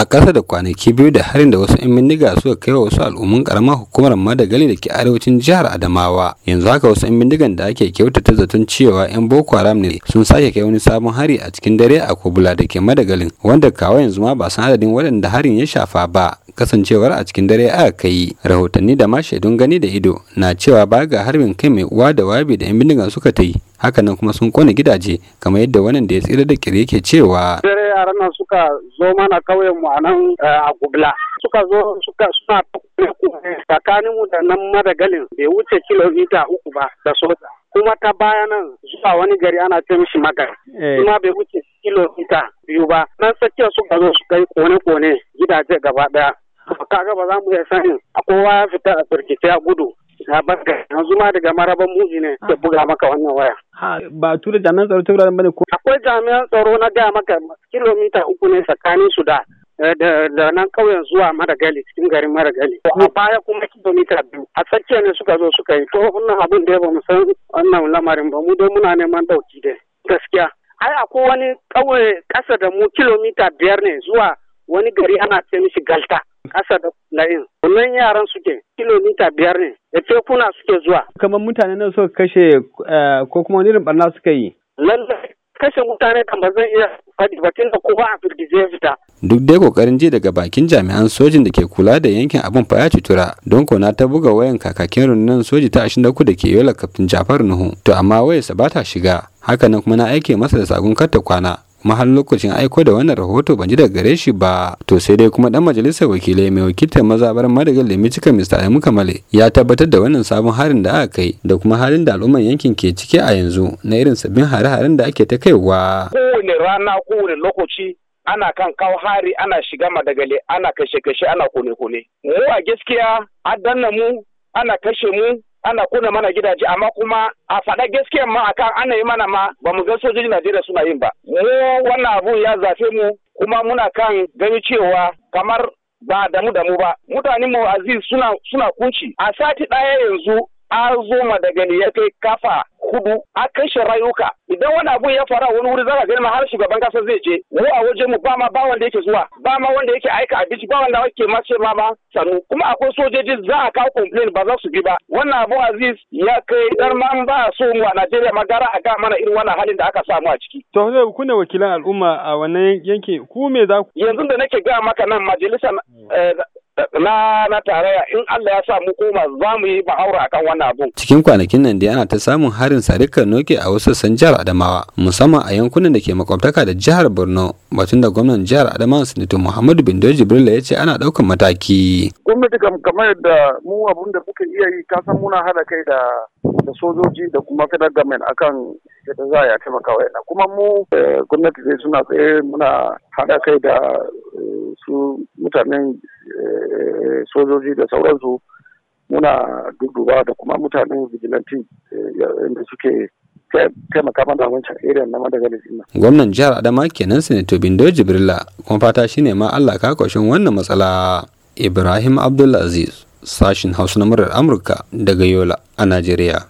a ƙasa da kwanaki biyu da harin da wasu 'yan bindiga suka kai wa wasu al'umman karamar hukumar madagali da ke arewacin jihar adamawa yanzu haka wasu 'yan bindigan da ake kyautata zaton cewa 'yan boko haram ne sun sake kai wani sabon hari a cikin dare a kobula da ke madagalin wanda kawo yanzu ma ba san adadin waɗanda harin ya shafa ba kasancewar a cikin dare aka kai rahotanni da ma shaidun gani da ido na cewa ba ga harbin kai mai uwa da wabi da 'yan bindigan suka ta yi hakanan kuma sun kone gidaje kamar yadda wannan da ya tsira da kire yake cewa yaran suka zo mana kauyen mu a nan eh, a Gubla. Suka zo suka suna tsakanin mu da nan madagalin bai wuce kilomita uku ba da soja. Kuma ta baya nan zuwa wani gari ana ce mishi maka eh. Kuma bai wuce kilomita biyu ba. Nan sakiya suka zo suka yi kone-kone gidaje gaba daya. Kaga ba za mu iya sanin a kowa ya fita a firkice a gudu. ta barka yanzu ma daga maraban muji ne ke ah. buga maka wannan waya. Ba tura jami'an tsaro ta wuraren bane ko? Akwai jami'an tsaro na gaya maka kilomita uku ne tsakanin su da eh, da nan kauyen zuwa maragali cikin garin maragali. a hmm. baya kuma kilomita biyu a tsakiya ne suka zo suka yi to wannan abin da ba mu san wannan lamarin ba mu dai muna neman dauki dai gaskiya ai akwai wani kauye kasa da mu kilomita biyar ne zuwa wani gari ana ce mishi galta kasa da layin. Wannan yaran suke kilomita biyar ne da tekuna suke zuwa. Kamar mutane nan suka kashe eh, ko kuma wani irin barna suka yi. Lallai kashe mutane kan ba zan iya faɗi ba tunda kowa a firgize ya fita. Duk dai kokarin ji daga bakin jami'an sojin da ke kula da yankin abin fa ya tura, don kona ta buga wayan kakakin rundunar soji ta 23 da ke yola kaftin Jafar Nuhu. To amma wayarsa ba ta shiga. Hakanan kuma na aike masa da sakon ta kwana kuma lokacin aiko da wannan rahoto ban ji daga gare shi ba to sai dai kuma dan majalisar wakilai mai wakiltar mazabar madagal da cika mr aimu kamale ya tabbatar da wannan sabon harin da aka kai da kuma halin da al'umman yankin ke ciki a yanzu na irin sabbin hare-haren da ake ta kaiwa kowane rana kowane lokaci ana kan kawo hari ana shiga madagali ana kashe-kashe ana kone-kone mu a gaskiya a danna mu ana kashe mu ana kuna mana gidaje amma kuma a faɗa gaskiya ma akan ana yi mana ma ba mu ga sojojin Najeriya suna yin ba. Mu wannan abun ya zafe mu kuma muna kan gani cewa kamar ba damu damu ba. Mutanen mu Aziz suna suna kunci. A sati ɗaya yanzu an zo daga ya kai kafa kudu a kashe rayuka idan wani abu ya faru a wani wuri zaka gani har shugaban kasa zai je mu a wajen mu ba ma ba wanda yake zuwa ba ma wanda yake aika abinci ba wanda yake ma ce ma ma sanu kuma akwai sojoji za a kawo complain ba za su bi ba wannan abu aziz ya kai dar ma ba so mu a Najeriya ma gara a ga mana irin wannan halin da aka samu a ciki to sai ku ne wakilan al'umma a wannan yanke ku me za ku yanzu da nake ga maka nan majalisa. Eh, na na tarayya in Allah ya sa mu koma za mu yi bahaura akan wannan abun. Cikin kwanakin nan dai ana ta samun harin sarikan noke a wasu sassan jihar Adamawa musamman a yankunan da ke makwabtaka da jihar Borno batun da gwamnan jihar Adamawa Sanatu Muhammadu Bindo Jibrila ya ce ana daukan mataki. Gwamnati kamar yadda mu abun da muka iya yi ka san muna hada kai da da sojoji da kuma federal government akan yadda za a yi taimaka wa kuma mu eh, gwamnati dai suna tsaye muna hada kai da eh, su mutanen sojoji da sauransu muna dudduba da kuma mutanen vigilante eh, da suke taimaka mana wancan irin na madagali din gwamnan jihar adama kenan sanato bindo jibrila kuma fata shine ma allah ka kwashin wannan matsala ibrahim abdulaziz sashin hausa na murar amurka daga yola a najeriya